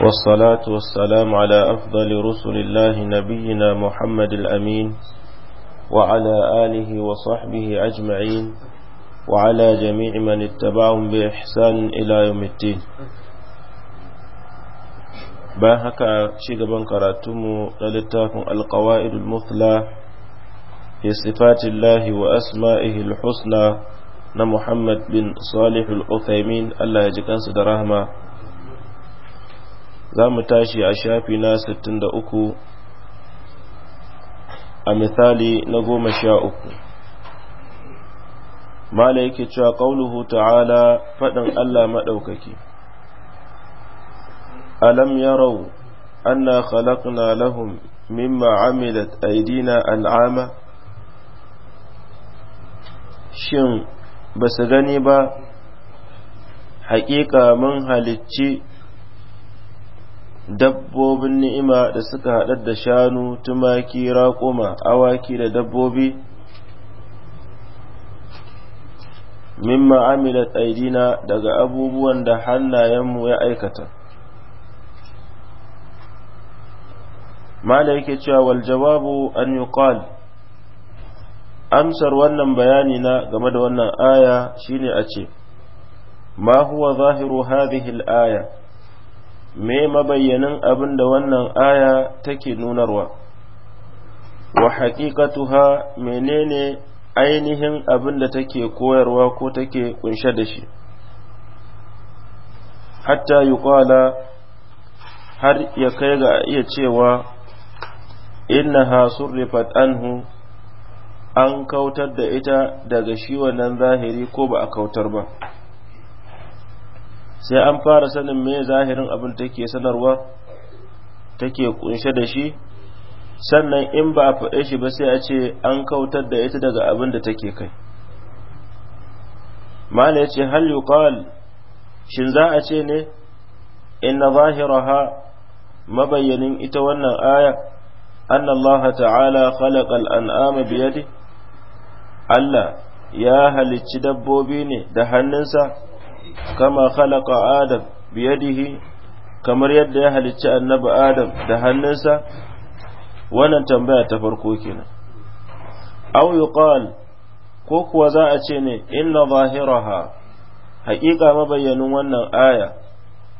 والصلاة والسلام على أفضل رسل الله نبينا محمد الأمين وعلى آله وصحبه أجمعين وعلى جميع من اتبعهم بإحسان إلى يوم الدين bayan haka ci gaban karatunmu na littafin alkawa'id al-muthla sifatillahi wa asma'ihi al-husna na Muhammad bin Salih al Allah ya ji da rahma. za mu tashi a shafi na 63 a misali na goma sha uku mala yake cewa ƙaunuhu ta'ala faɗin Allah maɗaukaki alam yarau anna khalaqna lahum mimma amilat aidina al'ama shin ba su gani ba haƙiƙa mun halicci dabbobin ni'ima da suka haɗar da shanu tumaki raƙuma awaki da dabbobi mimma amila aidina daga abubuwan da hannayenmu ya aikata mala yake cewa wal jawabu an yuqal amsar wannan bayani na game da wannan aya shine a ce ma huwa zahiru hadhihi al-aya me mabayyanin abin da wannan aya take nunarwa wa haƙiƙatuha menene ainihin abin da take koyarwa ko take kunshe da shi hatta yi har ya kai ga iya cewa innaha surrifat anhu an kautar da ita daga shi wannan zahiri ko ba a kautar ba sai an fara sanin me zahirin abin take sanarwa take kunshe da shi sannan in ba a faɗe shi ba sai a ce an kautar da ita daga abin da take kai mala ya ce hal yuqal shin za a ce ne inna zahiraha mabayyanin ita wannan aya أن الله تعالى خلق الأنعام بيده Allah ya halicci dabbobi ne da hannunsa kama khalaqa adam biyadihi kamar yadda ya halicci annabi adam da hannunsa wannan tambaya ta farko kenan aw yuqal ko kuwa za a ce ne inna zahiraha haƙiƙa mabayyanin wannan aya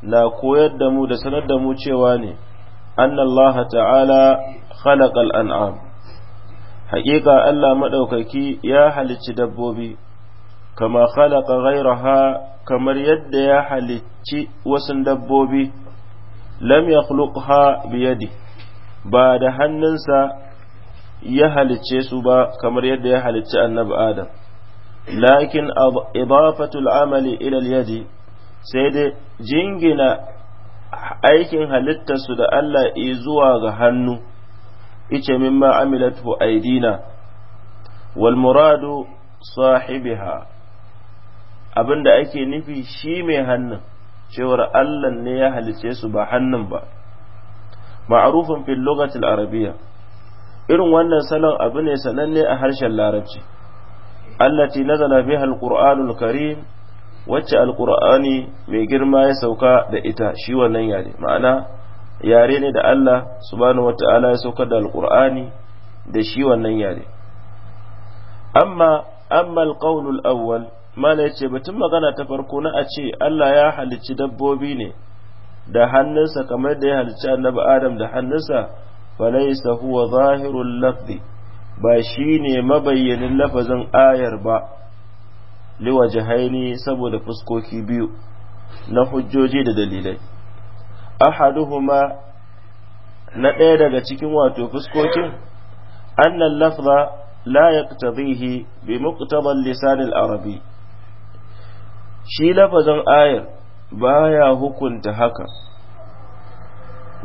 na koyar da mu da sanar da mu cewa ne annallaha ta'ala khalaqal an'am haƙiƙa Allah maɗaukaki ya halicci dabbobi kama khalaqa ghayraha kamar yadda ya halicci wasu dabbobi lam yakhluqha biyadi ba da hannunsa ya halicce su ba kamar yadda ya halicci annabi adam lakin idafatul amali ila yadi sai dai jingina aikin su da Allah zuwa ga hannu ice mimma amilatu aidina wal muradu sahibiha abin da ake nufi shi mai hannun cewar Allah ne ya halice su ba hannun ba ma'arufin fil lugatil arabiya irin wannan salon abu ne sananne a harshen larabci allati nazala biha alqur'anul karim wacce alqur'ani mai girma ya sauka da ita shi wannan yare ma'ana yare ne da Allah subhanahu wata'ala ya sauka da alqur'ani da shi wannan yare amma amma alqawlul awwal mana yace batun magana ta farko na a ce Allah ya halicci dabbobi ne da hannunsa kamar da ya halicci annabi Adam da hannunsa falaysa huwa zahirul lafzi ba shi ne mabayyanin lafazin ayar ba liwajahaini saboda fuskoki biyu na hujjoji da dalilai ahaduhuma na ɗaya daga cikin wato fuskokin annan lafza la yaqtadihi bi muqtadal lisan al-arabi shi lafazin ayar baya hukunta haka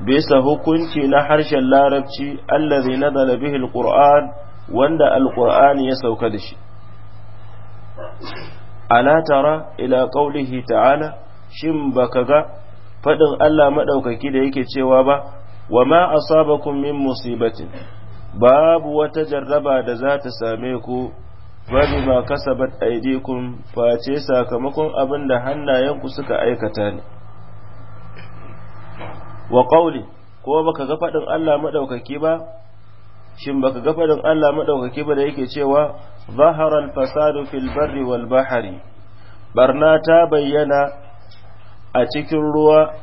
bisa hukunci na harshen larabci allazi nazala bihi alquran wanda alqur'ani ya sauka da shi ala tara ila ƙaulihi ta'ala shin baka ga faɗin Allah maɗaukaki da yake cewa ba wa ma asabakum min musibatin babu wata jarraba da za ta same ku bari ma kasabat aidikum face sakamakon abin da hannayenku suka aikata ne wa qawli ko baka ga fadin Allah maɗaukaki ba shin baka ga faɗin Allah maɗaukaki ba da yake cewa zahara al-fasadu fil barri wal bahri barna ta bayyana a cikin ruwa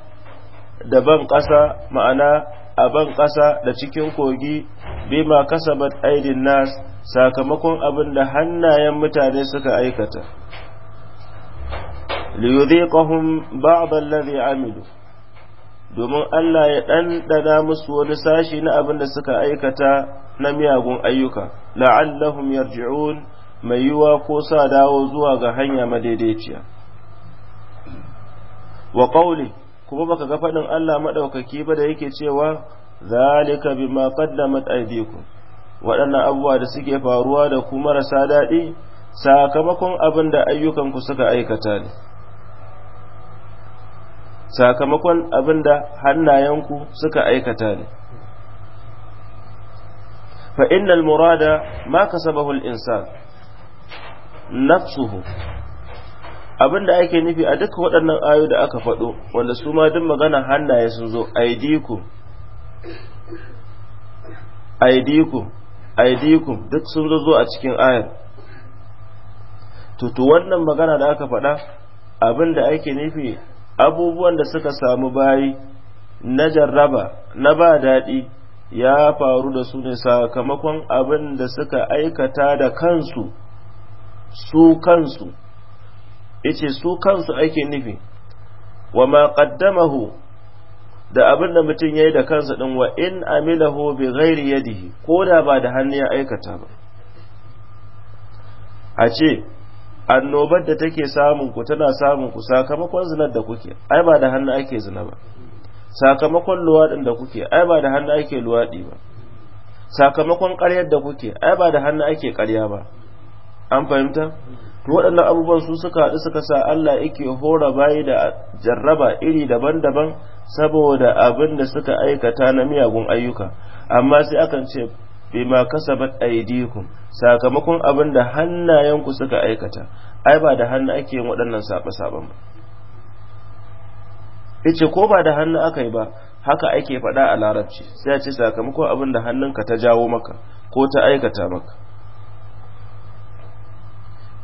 da ban ƙasa ma'ana a ban ƙasa da cikin kogi bima kasabat aidin nas sakamakon abin da hannayen mutane suka aikata liyudhiqahum ba'd alladhi amilu domin Allah ya ɗanɗana musu wani sashi na abin da suka aikata na miyagun ayyuka la'allahum yarji'un mai yiwa ko sa dawo zuwa ga hanya madaidaiciya wa kuma baka ga faɗin Allah maɗaukaki ba da yake cewa zalika bima qaddamat aydikum waɗannan abubuwa da suke faruwa da ku marasa daɗi sakamakon abin da ayyukanku suka aikata ne sakamakon abin da hannayenku suka aikata ne fa innal murada ma kasabahu al-insan nafsuhu abin da ake nufi a duka waɗannan ayoyi da aka faɗo wanda su ma duk magana hannaye sun zo aidikum aidiku aidiku duk sun zo a cikin ayar tutu wannan magana da aka faɗa abinda da ake nufi abubuwan da suka samu bayi na jarraba na ba daɗi ya faru da su ne sakamakon abinda da suka aikata da kansu su kansu ice su kansu ake nufi wa ma qaddamahu da abin da mutum ya yi da kansa ɗin wa in amilahu bi ghairi yadihi ko da ba da hannu ya aikata ba a ce annobar da take samun ku tana samun ku sakamakon zinar da kuke ai ba da hannu ake zina ba sakamakon luwaɗin da kuke ai ba da hannu ake luwaɗi ba sakamakon ƙaryar da kuke ai ba da hannu ake ƙarya ba an fahimta to waɗannan abubuwan su suka haɗu suka sa Allah yake hora bayi da jarraba iri daban-daban saboda abin da suka aikata na miyagun ayyuka amma sai akan ce bima kasabat aidikum sakamakon abin da hannayenku suka aikata ai ba da hannu ake yin waɗannan saɓa-saɓan ba ice ko ba da hannu aka yi ba haka ake faɗa a larabci sai a ce sakamakon abin da hannunka ta jawo maka ko ta aikata maka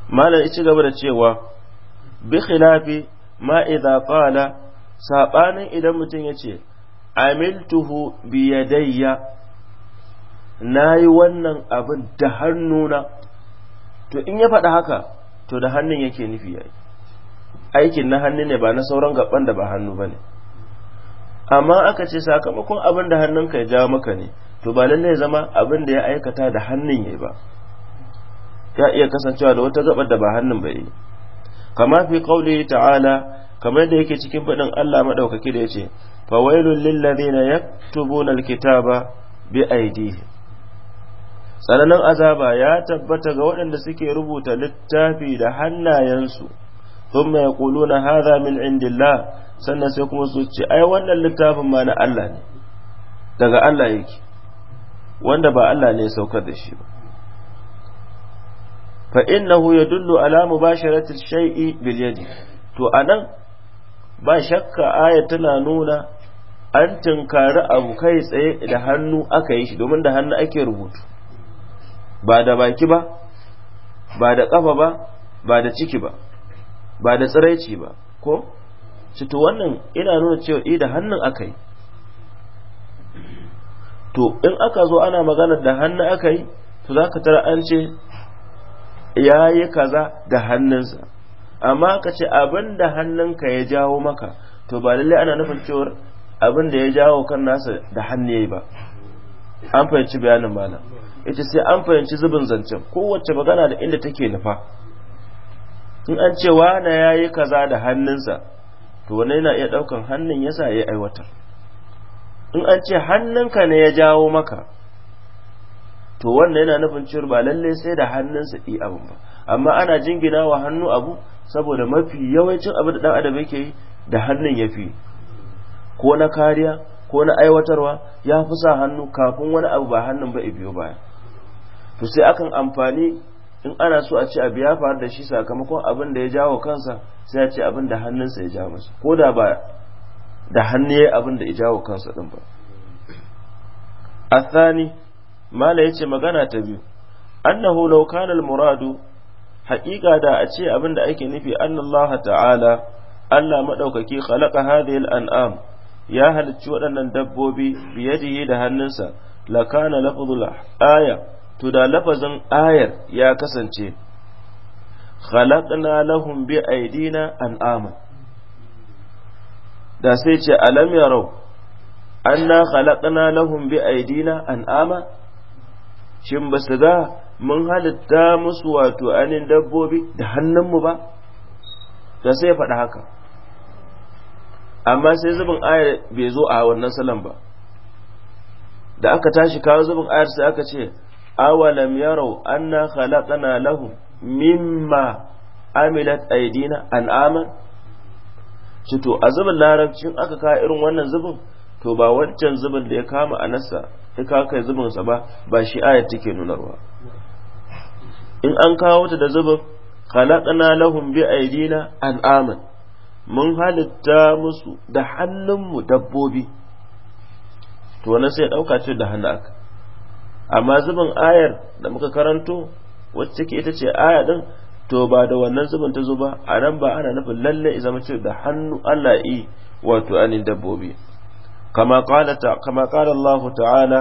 malam ci gaba da cewa bi khilafi ma idza qala saɓanin idan mutum ya ce amiltuhu biyadayya na yi wannan abin da hannuna to in ya faɗa haka to da hannun yake nufi yayi aikin na hannu ne ba na sauran gaban da ba hannu ba ne amma aka ce sakamakon abin da hannunka ya jawo maka ne to ba lallai zama abin da ya aikata da hannun ya ba ya iya kasancewa da wata gabar da ba hannun ba yi kama fi kauli ta'ala kamar da yake cikin faɗin Allah maɗaukaki da yace fawailul lil ladina yaktubuna alkitaba bi aidihi tsananin azaba ya tabbata ga waɗanda suke rubuta littafi da hannayensu kulu na hada min indillah sannan sai kuma su ce ai wannan littafin ma na Allah ne daga Allah yake wanda ba Allah ne sauka da shi ba fa innahu yadullu ala mubasharati shay'i bil yadi to anan ba shakka aya tana nuna an tinkari abu kai tsaye da hannu aka yi shi domin da hannu ake rubutu ba da baki ba ba da kafa ba ba da ciki ba ba da tsiraici ba ko to wannan ina nuna cewa i da hannun aka yi to in aka zo ana magana da hannu aka yi to za ka tara an ce ya yi kaza da hannunsa amma ka ce abin da hannunka ya jawo maka to ba lalle ana nufin cewar abin da ya jawo kan nasa da hannu ya yi ba an fahimci bayanin mana ita sai an fahimci zubin zancen kowace magana da inda take nufa in an ce wane ya yi kaza da hannunsa to wani yana iya ɗaukan hannun yasa ya aiwatar in an ce hannunka ne ya jawo maka to wannan yana nufin cewa ba lalle sai da hannunsa yi abin ba amma ana jingina wa hannu abu saboda mafi yawancin abu da dan adam yake yi da hannun ya fi ko na kariya ko na aiwatarwa ya fi sa hannu kafin wani abu ba hannun ba biyo baya to sai akan amfani in ana so a ce abu ya faru da shi sakamakon abin da ya jawo kansa sai a ce abin da hannunsa ya ja masa ko da ba da hannu ya abin da ya jawo kansa din ba athani mala yace magana ta biyu annahu law kana al muradu haƙiƙa da a ce abin da ake nufi annallahu ta'ala Allah madaukaki khalaqa hadhihi al an'am ya halicci waɗannan dabbobi biyadihi da hannunsa kana lafzul aya to da lafazin ayar ya kasance khalaqna lahum bi aidina an'ama da sai ce alam yarau anna khalaqna lahum bi aidina an'ama shin ba su ga mun halitta musu wato anin dabbobi da hannunmu ba da sai ya faɗi haka amma sai zubin ayar bai zo a wannan salon ba da aka tashi kawo zubin ayar sai aka ce awalam yarau anna khalaqana lahum mimma amilat aidina an'aman to a zubin larabcin aka kawo irin wannan zubin to ba wancan zubin da ya kama a nasa in ka kai zubin sa ba ba shi ayat take nunarwa in an kawo ta da zubin khalaqna lahum bi aidina an'aman mun halitta musu da hannunmu dabbobi to wannan sai dauka ce da hannu aka amma zubin ayar da muka karanto wacce take ita ce aya din to ba da wannan zubin ta zo ba a nan ba ana nufin lalle zama ce da hannu Allah yi wato anin dabbobi kama qala Allah ta'ala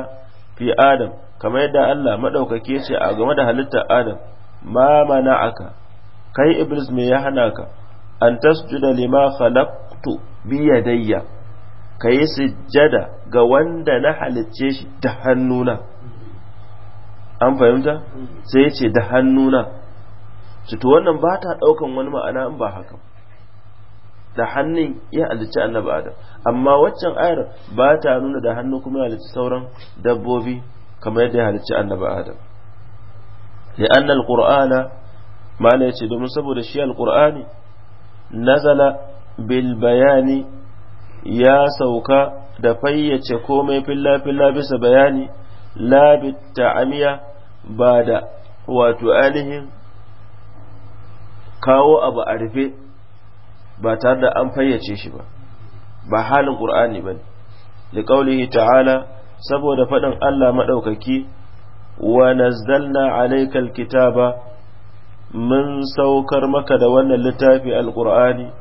fi Adam kama yadda Allah madaukake ce a game da halittar Adam ma aka kai Iblis me ya hana ka an tasjuda lima khalaqtu bi yadayya kai sujjada ga wanda na halicce shi da hannuna an fahimta sai ce da hannuna to wannan ba ta daukan wani ma'ana in ba haka da hannun ya halicci annabi adam amma waccan ayar ba ta nuna da hannu kuma ya halicci sauran dabbobi kamar yadda ya halicci annabi adam anna alqur'ana mala yace domin saboda shi alqur'ani nazala bil bayani ya sauka da fayyace komai filla filla bisa bayani la bit ta'amiya ba da wato ainihin kawo abu a rufe ba tare da an fayyace shi ba ba halin qur'ani bane li qawlihi ta'ala saboda faɗin Allah madaukaki wa nazzalna alaykal kitaba mun saukar maka da wannan littafi alqur'ani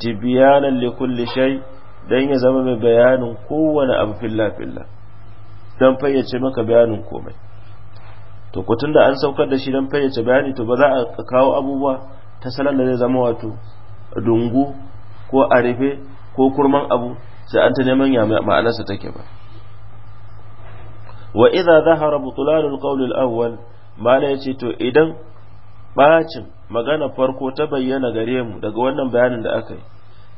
tibyanan li kulli shay dan ya zama mai bayanin kowane abu filla filla dan fayyace maka bayanin komai to kutun da an saukar da shi dan fayyace bayani to ba za a kawo abubuwa ta salon da zai zama wato dungu ko arife ko kurman abu sai an ta neman ya ma'anarsa take ba wa idza zahara butulan alqawl alawwal mala yace to idan bacin magana farko ta bayyana gare mu daga wannan bayanin da aka yi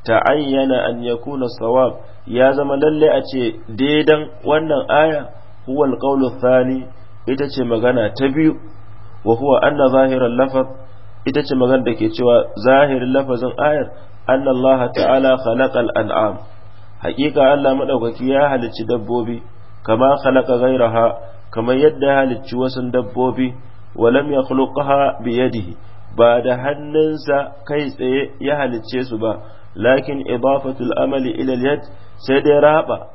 ta ta'ayyana an yakuna sawab ya zama lalle a ce daidan wannan aya huwa alqawl sani ita ce magana ta biyu wa huwa anna zahiran lafaz ita ce magan da ke cewa zahirin lafazin ayar Allah ta'ala khalaqal an'am haƙiƙa Allah madaukaki ya halicci dabbobi kama khalaqa ghayraha kamar yadda ya halicci wasu dabbobi wa lam yakhluqaha bi yadihi ba da hannunsa kai tsaye ya halicce su ba lakin idafatul amali ila yad sai ya raba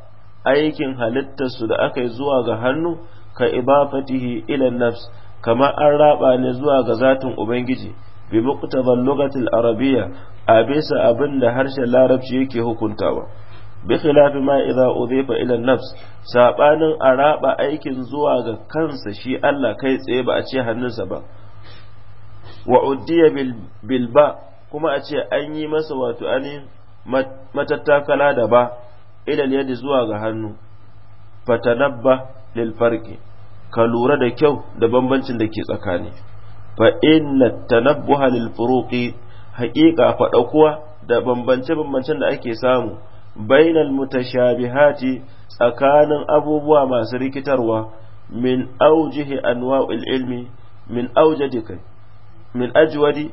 aikin halittarsu da aka yi zuwa ga hannu ka ibafatihi ila nafs kamar an raba ne zuwa ga zatin ubangiji bi muqtabal lugatil arabiyya a bisa abin da harshen larabci yake hukuntawa bi khilafi ma idza udhifa ila nafs sabanin araba aikin zuwa ga kansa shi Allah kai tsaye ba a ce hannunsa ba wa uddiya bil ba kuma a ce an yi masa wato ani matattakala da ba ila yadi zuwa ga hannu fatanabba lil farqi ka lura da kyau da bambancin da ke tsakani fa inna tanabbuha lil furuqi haqiqa kuwa da bambance bambancen da ake samu bainal mutashabihati tsakanin abubuwa masu rikitarwa min aujihi anwa'il ilmi min aujadika min ajwadi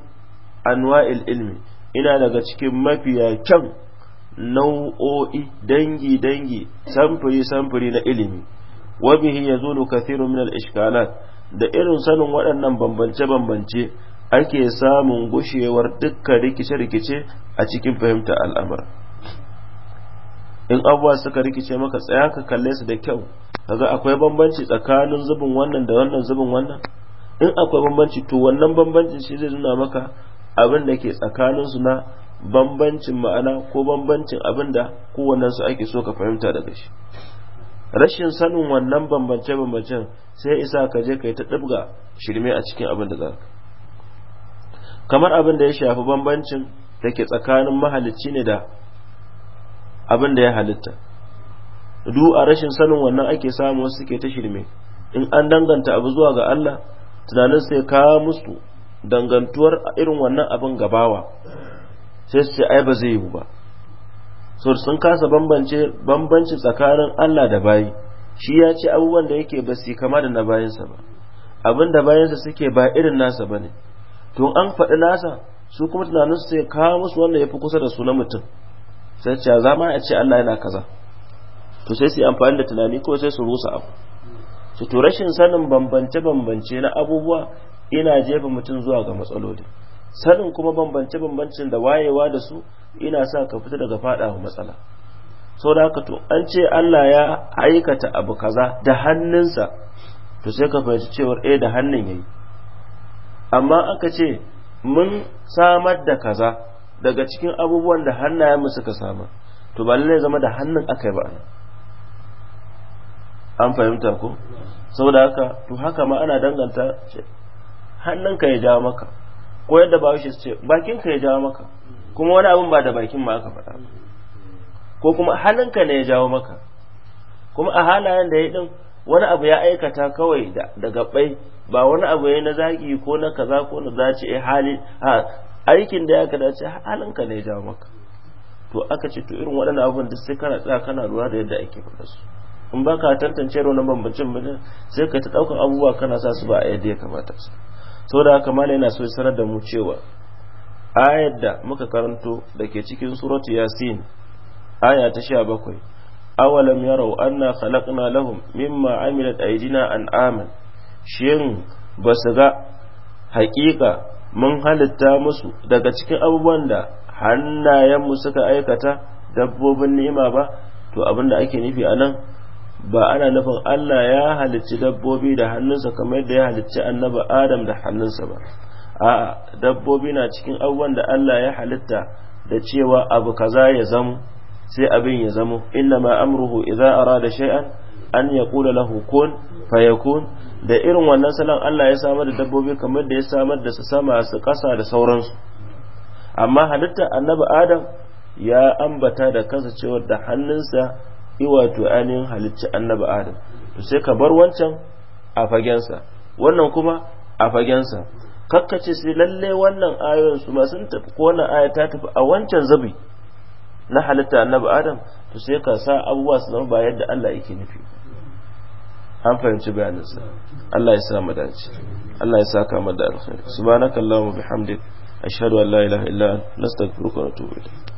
anwa'il ilmi ina daga cikin mafiya kyan nau'o'i dangi dangi samfuri samfuri na ilimi wa bihi yazulu kathirun min al-ishkalat da irin sanin waɗannan bambance-bambance ake samun gushewar dukkan rikice-rikice a cikin fahimta al'amar in abuwa suka rikice maka tsaya ka kalle su da kyau kaga akwai bambanci tsakanin zubin wannan da wannan zubin wannan in akwai bambanci to wannan bambancin shi zai nuna maka abin da ke tsakanin su na bambancin ma'ana ko bambancin abin da kowannen ake so ka fahimta daga shi rashin sanin wannan bambance-bambancen sai isa ka je ka yi ta ɗibga shirme a cikin abin da za kamar abin da ya shafi bambancin da ke tsakanin mahalicci ne da abin da ya halitta du a rashin sanin wannan ake samu wasu suke ta shirme in an danganta abu zuwa ga Allah tunanin sai ka musu dangantuwar irin wannan abin gabawa sai su ce ai ba zai yiwu ba so sun kasa bambance bambanci tsakanin Allah da bayi shi ya ce abubuwan da yake ba su kama da na bayansa ba abin da bayansa suke ba irin nasa ba ne to an faɗi nasa su kuma tunanin su sai kawo musu wanda ya fi kusa da su na mutum sai ce za ma a ce Allah yana kaza to sai su yi amfani da tunani ko sai su rusa abu to rashin sanin bambance-bambance na abubuwa ina jefa mutum zuwa ga matsaloli sanin kuma bambance bambancin da wayewa da su ina sa ka fita daga faɗawa matsala sau da haka to an ce Allah ya aikata abu kaza da hannunsa to sai ka fahimci cewar eh da hannun yayi amma aka ce mun samar da kaza daga cikin abubuwan da hannayen mu suka samar to ba lallai zama da hannun aka yi ba an fahimta ko saboda haka to haka ma ana danganta hannunka ya ja maka ko yadda ba shi ce bakin ka ya jawo maka kuma wani abin ba da bakin ma aka faɗa ko kuma halinka ne ya jawo maka kuma a halayen da ya din wani abu ya aikata kawai da gabai ba wani abu ya na zagi ko na kaza ko na zaci eh hali aikin da ya ka dace halinka ne ya jawo maka to aka ce to irin waɗannan abin da sai kana tsaya kana lura da yadda ake faɗa su in ba ka tantance wannan bambancin sai ka ta ɗaukar abubuwa kana sa su ba a yadda ya kamata su da haka mala yana so sanar da mu cewa ayar da muka karanto da ke cikin suratu yasin aya ta sha bakwai awalam yarau anna khalaqna lahum mimma amilat aydina an'aman shin ba su ga haƙiƙa mun halitta musu daga cikin abubuwan da hannayenmu suka aikata dabbobin ni'ima ba to abin da ake nufi a nan ba ana nufin Allah ya halicci dabbobi da hannunsa kamar da ya halicci annaba Adam da hannunsa ba a'a dabbobi na cikin abubuwan da Allah ya halitta da cewa abu kaza ya zamo sai abin ya zamo inna ma amruhu idza arada shay'an an yaqula lahu kun fayakun da irin wannan salon Allah ya samar da dabbobi kamar da ya samar da su sama su kasa da sauransu amma halitta annabi Adam ya ambata da cewa da hannunsa wato ainihin halitta annabi adam to sai ka bar wancan a fagensa wannan kuma a fagensa kakkace sai lalle wannan ayoyin su ma sun tafi ko wannan aya ta tafi a wancan zabi na halitta annabi adam to sai ka sa abubuwa su zama ba yadda Allah yake nufi an fahimci bayaninsa Allah ya sa mu dace Allah ya saka mu da alkhairi subhanakallahumma bihamdik ashhadu an la ilaha illa anta nastaghfiruka wa natubu ilayk